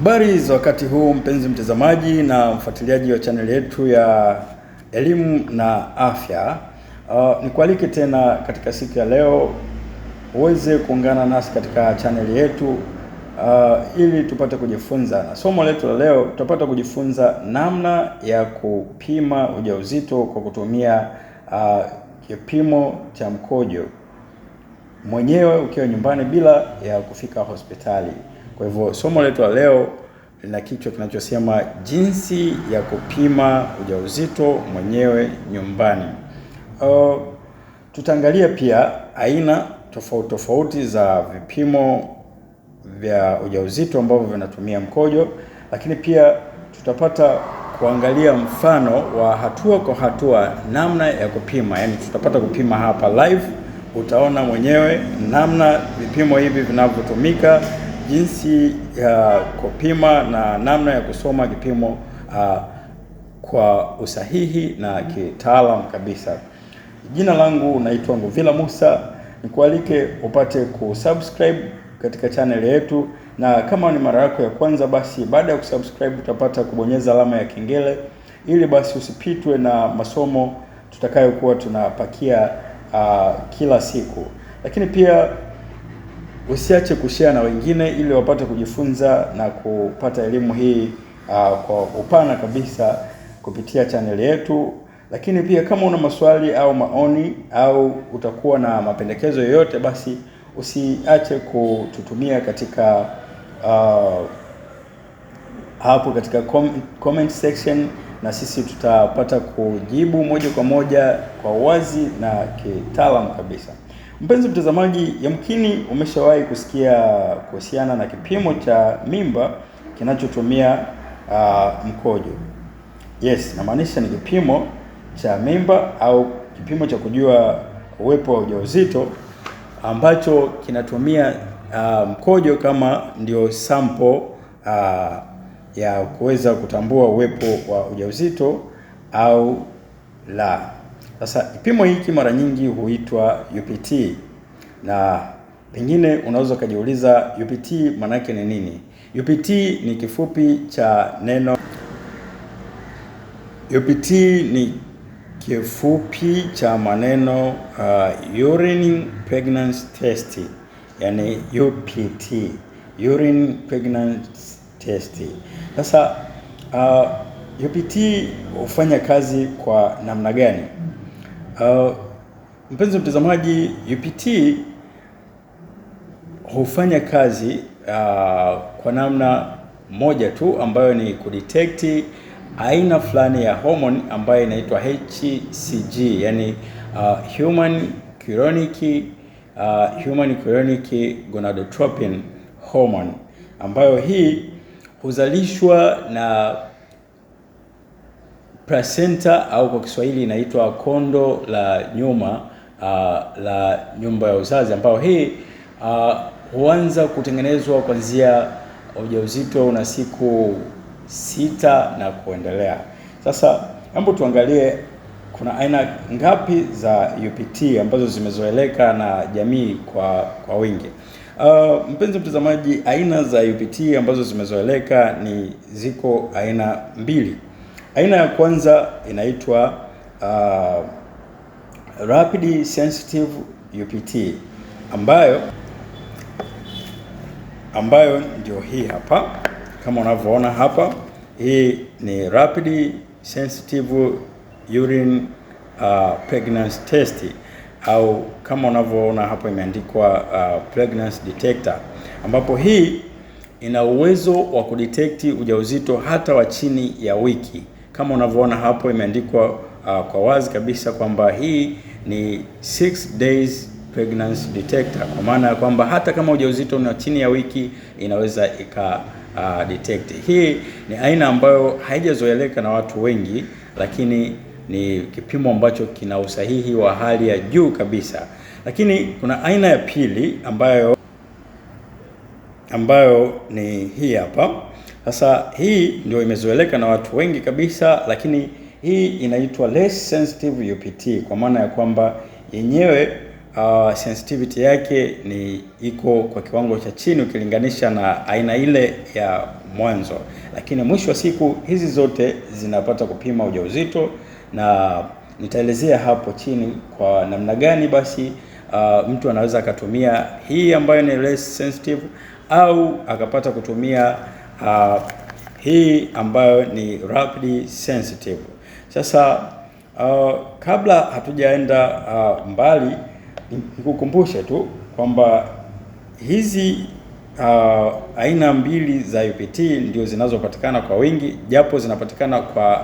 Habari za wakati huu mpenzi mtazamaji na mfuatiliaji wa chaneli yetu ya elimu na afya. Uh, nikualike tena katika siku ya leo uweze kuungana nasi katika chaneli yetu uh, ili tupate kujifunza, na somo letu la leo tutapata kujifunza namna ya kupima ujauzito kwa kutumia uh, kipimo cha mkojo mwenyewe ukiwa nyumbani bila ya kufika hospitali. Kwa hivyo somo letu la leo lina kichwa kinachosema jinsi ya kupima ujauzito mwenyewe nyumbani. Uh, tutaangalia pia aina tofauti tofauti za vipimo vya ujauzito ambavyo vinatumia mkojo, lakini pia tutapata kuangalia mfano wa hatua kwa hatua namna ya kupima, yaani tutapata kupima hapa live, utaona mwenyewe namna vipimo hivi vinavyotumika jinsi ya kupima na namna ya kusoma kipimo uh, kwa usahihi na kitaalamu kabisa. Jina langu naitwa Nguvila Musa, nikualike upate kusubscribe katika chaneli yetu, na kama ni mara yako ya kwanza, basi baada ya kusubscribe utapata kubonyeza alama ya kengele, ili basi usipitwe na masomo tutakayokuwa tunapakia uh, kila siku, lakini pia usiache kushare na wengine ili wapate kujifunza na kupata elimu hii uh, kwa upana kabisa kupitia chaneli yetu. Lakini pia kama una maswali au maoni au utakuwa na mapendekezo yoyote, basi usiache kututumia katika uh, hapo katika comment section, na sisi tutapata kujibu moja kwa moja kwa wazi na kitaalamu kabisa. Mpenzi mtazamaji, yamkini umeshawahi kusikia kuhusiana na kipimo cha mimba kinachotumia uh, mkojo. Yes, namaanisha ni kipimo cha mimba au kipimo cha kujua uwepo wa ujauzito ambacho kinatumia uh, mkojo kama ndio sample uh, ya kuweza kutambua uwepo wa ujauzito au la. Sasa kipimo hiki mara nyingi huitwa UPT, na pengine unaweza ukajiuliza UPT maana yake ni nini? UPT ni kifupi cha neno UPT ni kifupi cha maneno uh, urine pregnancy test, yani UPT, urine pregnancy test. Sasa uh, UPT hufanya kazi kwa namna gani? Uh, wa mtazamaji, UPT hufanya kazi uh, kwa namna moja tu ambayo ni kudetect aina fulani ya homoni ambayo inaitwa HCG, yani uh, human chorionic uh, human chorionic gonadotropin hormone ambayo hii huzalishwa na placenta au kwa Kiswahili inaitwa kondo la nyuma uh, la nyumba ya uzazi ambayo hii uh, huanza kutengenezwa kuanzia ujauzito una siku sita na kuendelea. Sasa hebu tuangalie kuna aina ngapi za UPT ambazo zimezoeleka na jamii kwa kwa wingi. Uh, mpenzi mtazamaji, aina za UPT ambazo zimezoeleka ni ziko aina mbili. Aina ya kwanza inaitwa uh, rapid sensitive UPT ambayo ambayo ndio hii hapa kama unavyoona hapa. Hii ni rapid sensitive urine uh, pregnancy test au kama unavyoona hapo imeandikwa uh, pregnancy detector, ambapo hii ina uwezo wa kudetect ujauzito hata wa chini ya wiki kama unavyoona hapo imeandikwa uh, kwa wazi kabisa kwamba hii ni six days pregnancy detector, kwa maana ya kwamba hata kama ujauzito una chini ya wiki inaweza ika uh, detect. Hii ni aina ambayo haijazoeleka na watu wengi, lakini ni kipimo ambacho kina usahihi wa hali ya juu kabisa. Lakini kuna aina ya pili ambayo ambayo ni hii hapa sasa hii ndio imezoeleka na watu wengi kabisa, lakini hii inaitwa less sensitive UPT kwa maana ya kwamba yenyewe uh, sensitivity yake ni iko kwa kiwango cha chini ukilinganisha na aina ile ya mwanzo, lakini mwisho wa siku hizi zote zinapata kupima ujauzito na nitaelezea hapo chini kwa namna gani basi uh, mtu anaweza akatumia hii ambayo ni less sensitive au akapata kutumia uh, hii ambayo ni rapidly sensitive. Sasa uh, kabla hatujaenda uh, mbali, nikukumbushe tu kwamba hizi uh, aina mbili za UPT ndio zinazopatikana kwa wingi, japo zinapatikana kwa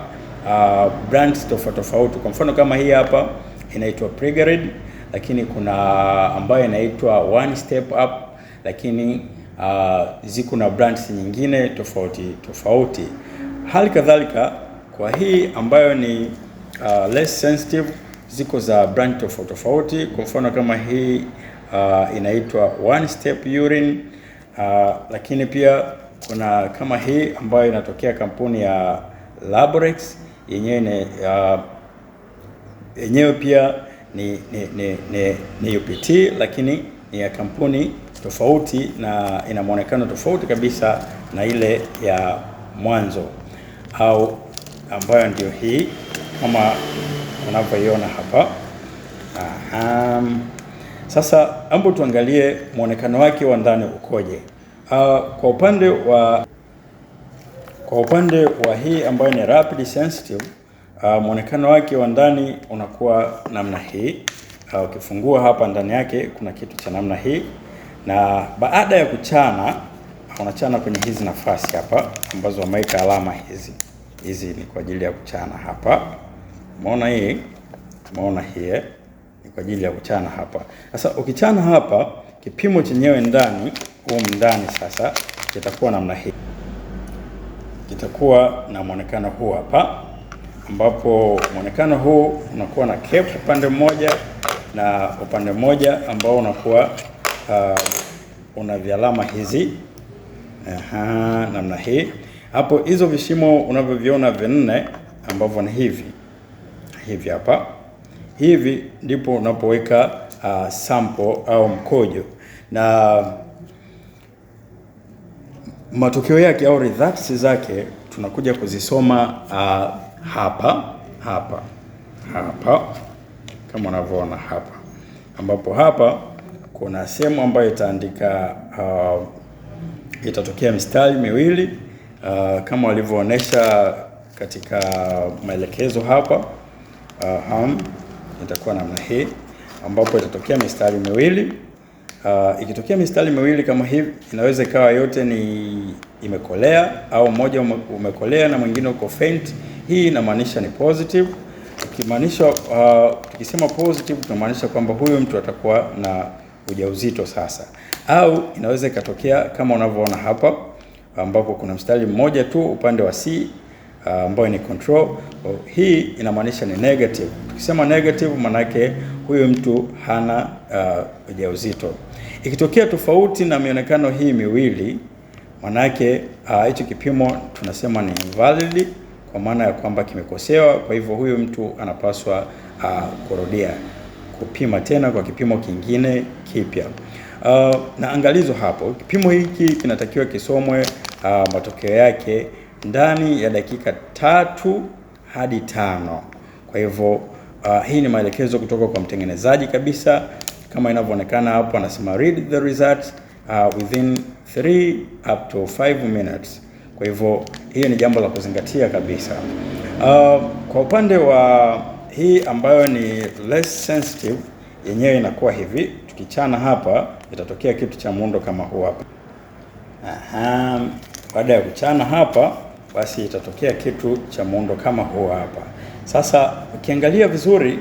uh, brands tofauti tofauti. Kwa mfano kama hii hapa inaitwa Pregared, lakini kuna ambayo inaitwa one step up, lakini uh, ziko na brands nyingine tofauti tofauti. Hali kadhalika kwa hii ambayo ni uh, less sensitive ziko za brand tofauti tofauti. Kwa mfano kama hii uh, inaitwa one step urine uh, lakini pia kuna kama hii ambayo inatokea kampuni ya Laborex yenyewe ni yenyewe pia ni, ni, ni, ni, ni UPT lakini ni ya kampuni tofauti na ina mwonekano tofauti kabisa na ile ya mwanzo au ambayo ndio hii kama unavyoiona hapa. Aha. Sasa ambo tuangalie mwonekano wake wa ndani ukoje. Uh, kwa upande wa kwa upande wa hii ambayo ni rapid sensitive uh, mwonekano wake wa ndani unakuwa namna hii. Ah, ukifungua uh, hapa ndani yake kuna kitu cha namna hii na baada ya kuchana unachana kwenye hizi nafasi hapa ambazo wameweka alama hizi. Hizi ni kwa ajili ya kuchana hapa, umeona hii, umeona hii eh? ni kwa ajili ya kuchana hapa. Sasa ukichana hapa, kipimo chenyewe ndani huu ndani sasa kitakuwa namna hii, kitakuwa na mwonekano huu hapa, ambapo mwonekano huu unakuwa na kepu upande mmoja na upande mmoja ambao unakuwa uh, una vialama hizi aha, namna hii hapo. Hizo vishimo unavyoviona vinne ambavyo ni hivi hivi hapa hivi, ndipo unapoweka uh, sample au mkojo na matokeo yake au results zake tunakuja kuzisoma uh, hapa hapa hapa kama unavyoona hapa, ambapo hapa kuna sehemu ambayo itaandika uh, itatokea mistari miwili uh, kama walivyoonyesha katika maelekezo hapa uh, um, itakuwa namna hii ambapo itatokea mistari miwili uh, ikitokea mistari miwili kama hivi, inaweza ikawa yote ni imekolea au mmoja umekolea na mwingine uko faint. Hii inamaanisha ni positive. Ikimaanisha uh, tukisema positive tunamaanisha kwamba huyu mtu atakuwa na ujauzito sasa, au inaweza ikatokea kama unavyoona hapa, ambapo kuna mstari mmoja tu upande wa C ah, ambayo ni control. Hii inamaanisha ni negative. Tukisema negative, yake huyu mtu hana ah, ujauzito. ikitokea tofauti na mionekano hii miwili, manake ah, hicho uh, kipimo tunasema ni invalid, kwa maana ya kwamba kimekosewa. Kwa hivyo huyu mtu anapaswa uh, kurudia kupima tena kwa kipimo kingine kipya. Uh, na angalizo hapo, kipimo hiki kinatakiwa kisomwe uh, matokeo yake ndani ya dakika tatu hadi tano. Kwa hivyo uh, hii ni maelekezo kutoka kwa mtengenezaji kabisa, kama inavyoonekana hapo, anasema read the results uh, within 3 up to 5 minutes. Kwa hivyo hiyo ni jambo la kuzingatia kabisa. Uh, kwa upande wa hii ambayo ni less sensitive yenyewe inakuwa hivi, tukichana hapa itatokea kitu cha muundo kama huu hapa. Aha, baada ya kuchana hapa basi itatokea kitu cha muundo kama huu hapa. Sasa ukiangalia vizuri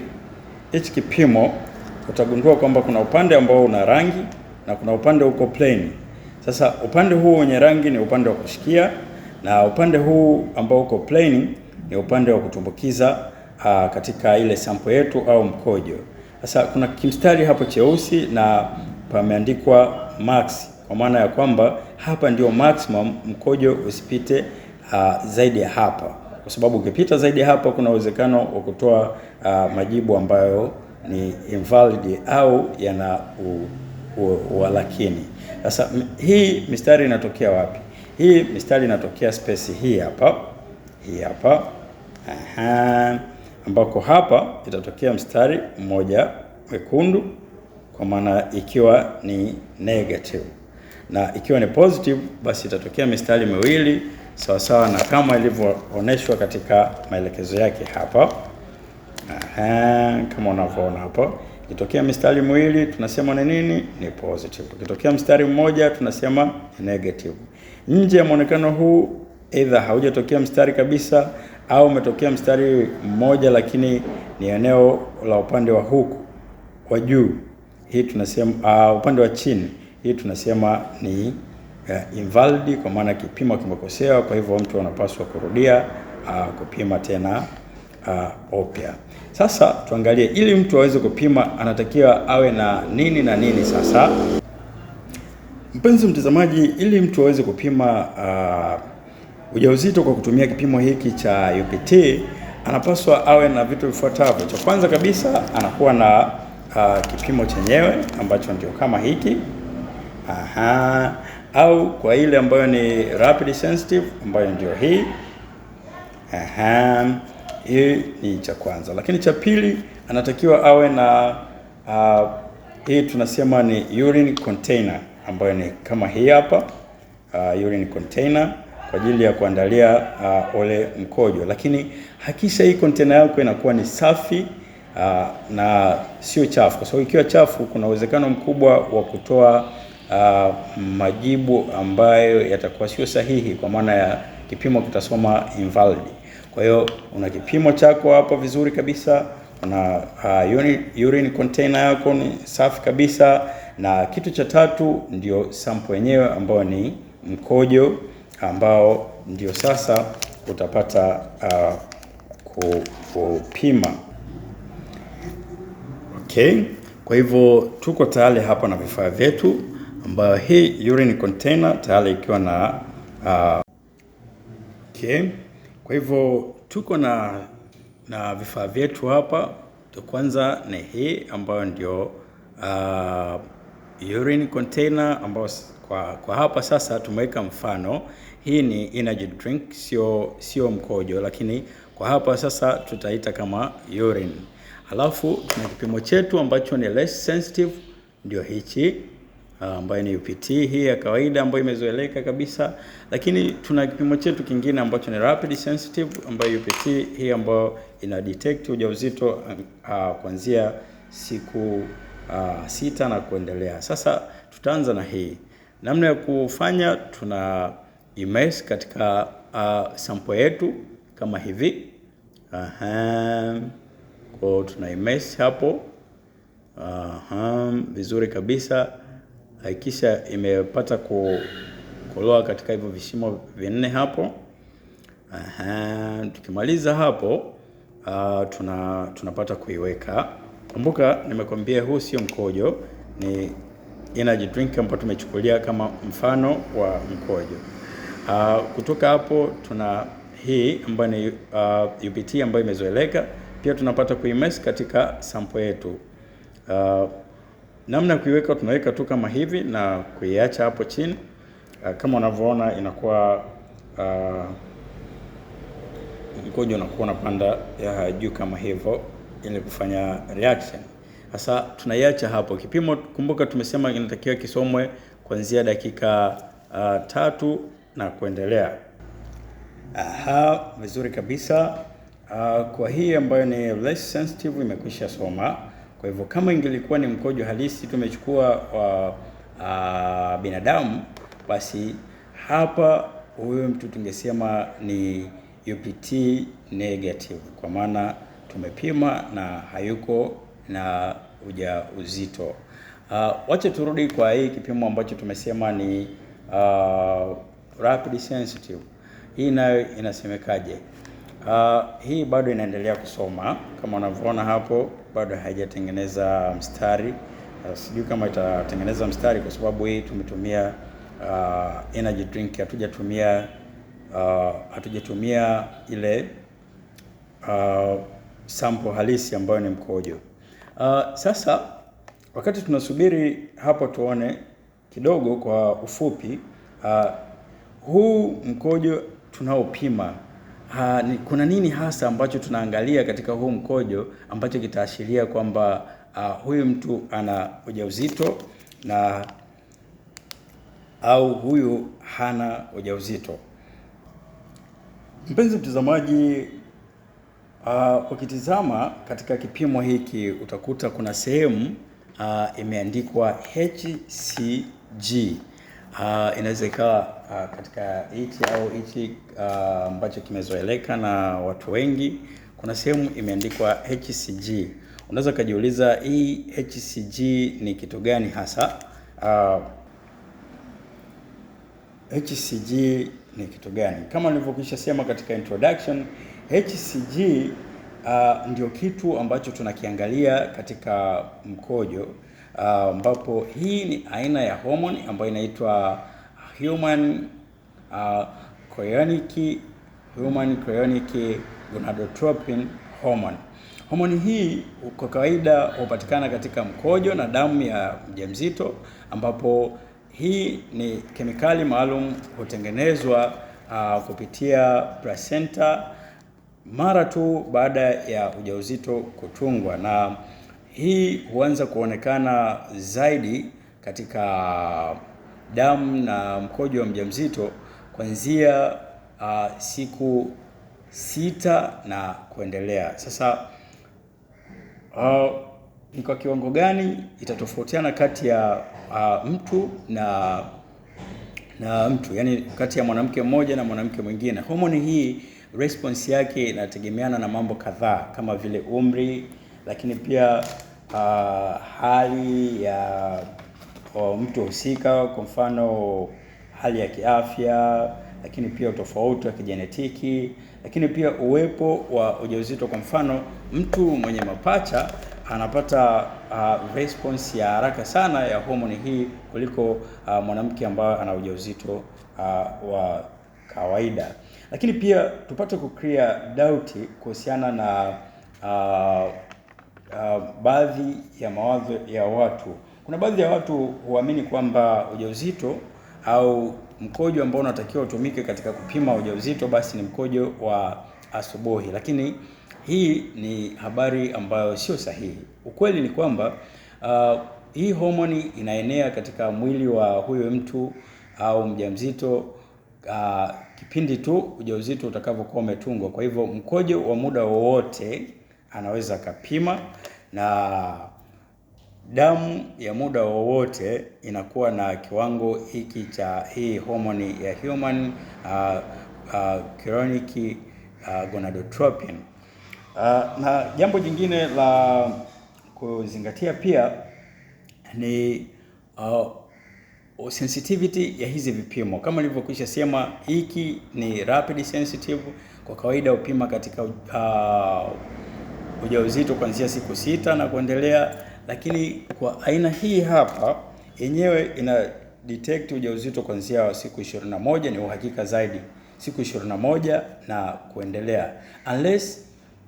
hichi kipimo utagundua kwamba kuna upande ambao una rangi na kuna upande uko plain. Sasa upande huu wenye rangi ni upande wa kushikia na upande huu ambao uko plain ni upande wa kutumbukiza uh, katika ile sampo yetu au mkojo. Sasa kuna kimstari hapo cheusi na pameandikwa max, kwa maana ya kwamba hapa ndio maximum, mkojo usipite uh, zaidi ya hapa, kwa sababu ukipita zaidi ya hapa kuna uwezekano wa kutoa uh, majibu ambayo ni invalid au yana ualakini. Sasa hii mistari inatokea wapi? Hii mistari inatokea space hii hapa, hii hapa. Aha ambako hapa itatokea mstari mmoja mwekundu, kwa maana ikiwa ni negative, na ikiwa ni positive, basi itatokea mistari miwili sawasawa na kama ilivyoonyeshwa katika maelekezo yake hapa. Aha, kama unavyoona hapa, ikitokea mistari miwili tunasema ni nini? Ni positive. Ikitokea mstari mmoja tunasema ni negative. Nje ya mwonekano huu, aidha haujatokea mstari kabisa au umetokea mstari mmoja lakini ni eneo la upande wa huku wa juu, hii tunasema uh, upande wa chini, hii tunasema ni uh, invalid, kwa maana kipimo kimekosewa. Kwa hivyo mtu anapaswa kurudia uh, kupima tena uh, ah, opia. Sasa tuangalie, ili mtu aweze kupima anatakiwa awe na nini na nini? Sasa mpenzi mtazamaji, ili mtu aweze kupima uh, ujauzito kwa kutumia kipimo hiki cha UPT anapaswa awe na vitu vifuatavyo. Cha kwanza kabisa anakuwa na uh, kipimo chenyewe ambacho ndio kama hiki aha, au kwa ile ambayo ni rapid sensitive ambayo ndio hii aha, hii ni cha kwanza. Lakini cha pili anatakiwa awe na uh, hii tunasema ni urine container ambayo ni kama hii hapa uh, urine container kwa ajili ya kuandalia uh, ole mkojo, lakini hakisha hii kontena yako inakuwa ni safi uh, na sio chafu, kwa sababu ikiwa chafu kuna uwezekano mkubwa wa kutoa uh, majibu ambayo yatakuwa sio sahihi, kwa maana ya kipimo kitasoma invalid. Kwa hiyo una kipimo chako hapo vizuri kabisa, una uh, urine container yako ni safi kabisa, na kitu cha tatu ndio sample yenyewe ambayo ni mkojo ambao ndio sasa utapata uh, kupima okay. Kwa hivyo tuko tayari hapa na vifaa vyetu, ambayo hii urine container tayari ikiwa na uh, okay. Kwa hivyo tuko na na vifaa vyetu hapa. Kwanza ni hii ambayo ndio uh, urine container ambao kwa, kwa hapa sasa tumeweka mfano hii ni energy drink, sio sio mkojo, lakini kwa hapa sasa tutaita kama urine. Alafu tuna kipimo chetu ambacho ni less sensitive, ndio hichi ah, ambayo ni UPT hii ya kawaida ambayo imezoeleka kabisa, lakini tuna kipimo chetu kingine ambacho ni rapid sensitive, ambayo UPT hii ambayo ina detect ujauzito uh, kuanzia siku uh, sita na kuendelea. Sasa tutaanza na hii namna ya kufanya. Tuna immerse katika uh, sample yetu kama hivi aha. Kwa tuna immerse hapo aha, vizuri kabisa. Hakikisha imepata kuloa katika hivyo vishimo vinne hapo aha. Tukimaliza hapo uh, tuna tunapata kuiweka Kumbuka nimekwambia huu sio mkojo, ni energy drink ambayo tumechukulia kama mfano wa mkojo. Uh, kutoka hapo tuna hii ambayo ni uh, ah, UPT ambayo imezoeleka pia tunapata kuimesh katika sampo yetu. Uh, namna ya kuiweka tunaweka tu kama hivi na kuiacha hapo chini. Uh, kama unavyoona inakuwa uh, mkojo unakuwa unapanda juu kama hivyo ili kufanya reaction. Sasa tunaiacha hapo. Kipimo kumbuka, tumesema inatakiwa kisomwe kuanzia dakika uh, tatu na kuendelea. Aha, vizuri kabisa. Uh, kwa hii ambayo ni less sensitive imekwisha soma. Kwa hivyo kama ingelikuwa ni mkojo halisi tumechukua wa uh, binadamu, basi hapa huyu mtu tungesema ni UPT negative kwa maana tumepima na hayuko na uzito. Uh, wacha turudi kwa hii kipimo ambacho tumesema ni uh, rapid sensitive. Hii nayo inasemekaje? Uh, hii bado inaendelea kusoma kama unavyoona hapo, bado haijatengeneza mstari uh, sijui kama itatengeneza mstari kwa sababu hii tumetumia uh, energy drink, hatujatumia uh, hatujatumia ile uh, sample halisi ambayo ni mkojo. Uh, sasa wakati tunasubiri hapo tuone kidogo kwa ufupi uh, huu mkojo tunaopima uh, ni, kuna nini hasa ambacho tunaangalia katika huu mkojo ambacho kitaashiria kwamba uh, huyu mtu ana ujauzito na au huyu hana ujauzito? Mpenzi mtazamaji, Uh, ukitizama katika kipimo hiki utakuta kuna sehemu uh, imeandikwa HCG. Uh, inaweza ikawa uh, katika hichi au hichi uh, ambacho uh, kimezoeleka na watu wengi. Kuna sehemu imeandikwa HCG, unaweza ukajiuliza hii HCG ni kitu gani hasa? Uh, HCG ni kitu gani? Kama nilivyokisha sema katika introduction HCG uh, ndio kitu ambacho tunakiangalia katika mkojo uh, ambapo uh, hii ni aina ya homoni ambayo inaitwa human uh, chorionic human chorionic gonadotropin hormone. Homoni hii kwa kawaida hupatikana katika mkojo na damu ya mjamzito, ambapo hii ni kemikali maalum hutengenezwa uh, kupitia placenta mara tu baada ya ujauzito kutungwa, na hii huanza kuonekana zaidi katika damu na mkojo wa mjamzito kuanzia uh, siku sita na kuendelea. Sasa uh, ni kwa kiwango gani itatofautiana kati ya uh, mtu na na mtu, yani kati ya mwanamke mmoja na mwanamke mwingine. Homoni hii response yake inategemeana na mambo kadhaa kama vile umri, lakini pia uh, hali ya uh, mtu husika, kwa mfano hali ya kiafya, lakini pia utofauti wa kijenetiki, lakini pia uwepo wa ujauzito. Kwa mfano mtu mwenye mapacha anapata uh, response ya haraka sana ya homoni hii kuliko uh, mwanamke ambaye ana ujauzito uh, wa kawaida. Lakini pia tupate clear doubt kuhusiana na uh, uh, baadhi ya mawazo ya watu. Kuna baadhi ya watu huamini kwamba ujauzito au mkojo ambao unatakiwa utumike katika kupima ujauzito basi ni mkojo wa asubuhi, lakini hii ni habari ambayo sio sahihi. Ukweli ni kwamba uh, hii homoni inaenea katika mwili wa huyo mtu au mjamzito uh, kipindi tu ujauzito utakavyokuwa umetungwa. Kwa hivyo mkojo wa muda wowote anaweza akapima, na damu ya muda wowote inakuwa na kiwango hiki cha hii homoni ya human uh, uh, chorionic uh, gonadotropin. Uh, na jambo jingine la kuzingatia pia ni uh, sensitivity ya hizi vipimo kama nilivyokwisha sema, hiki ni rapid sensitive. Kwa kawaida hupima katika uh, ujauzito kuanzia siku sita na kuendelea, lakini kwa aina hii hapa yenyewe ina detect ujauzito kuanzia siku 21, ni uhakika zaidi siku 21 na kuendelea, unless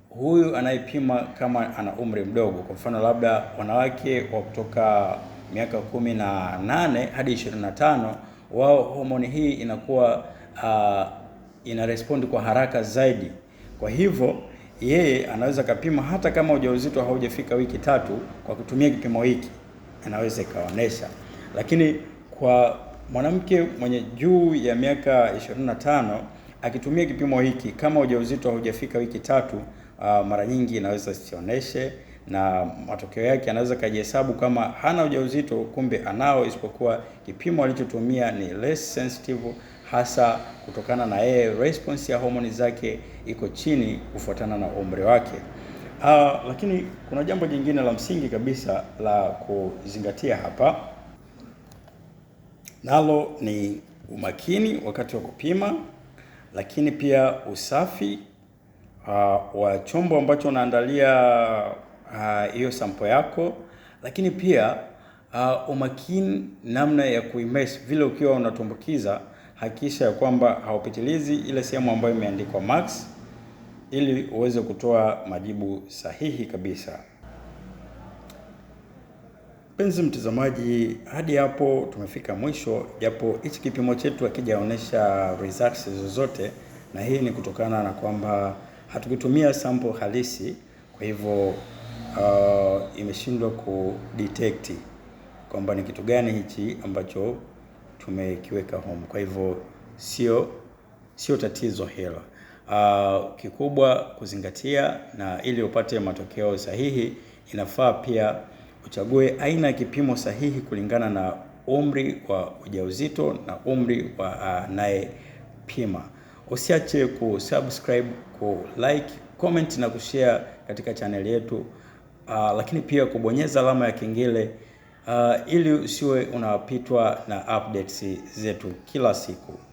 huyu anayepima kama ana umri mdogo, kwa mfano labda wanawake wa kutoka miaka kumi na nane hadi ishirini na tano wao homoni hii inakuwa uh, ina respond kwa haraka zaidi. Kwa hivyo yeye anaweza kapima hata kama ujauzito haujafika wiki tatu, kwa kutumia kipimo hiki anaweza ikaonesha. Lakini kwa mwanamke mwenye juu ya miaka 25 akitumia kipimo hiki kama ujauzito haujafika wiki tatu, uh, mara nyingi inaweza sionyeshe na matokeo yake anaweza kajihesabu kama hana ujauzito, kumbe anao, isipokuwa kipimo alichotumia ni less sensitive, hasa kutokana na yeye response ya homoni zake iko chini kufuatana na umri wake. Uh, lakini kuna jambo jingine la msingi kabisa la kuzingatia hapa, nalo ni umakini wakati wa kupima, lakini pia usafi uh, wa chombo ambacho unaandalia Uh, hiyo uh, sampo yako, lakini pia uh, umakini namna ya kuimesh vile ukiwa unatumbukiza, hakikisha ya kwamba haupitilizi ile sehemu ambayo imeandikwa max ili uweze kutoa majibu sahihi kabisa. Mpenzi mtazamaji, hadi hapo tumefika mwisho, japo hichi kipimo chetu hakijaonyesha results zozote, na hii ni kutokana na kwamba hatukutumia sample halisi, kwa hivyo uh, imeshindwa detect kwamba ni kitu gani hichi ambacho tumekiweka home. Kwa hivyo sio sio tatizo hilo. Uh, kikubwa kuzingatia, na ili upate matokeo sahihi, inafaa pia uchague aina ya kipimo sahihi kulingana na umri wa ujauzito na umri wa uh, anayepima. Uh, usiache kusubscribe, ku like, comment na kushare katika chaneli yetu uh, lakini pia kubonyeza alama ya kengele uh, ili usiwe unapitwa na updates zetu kila siku.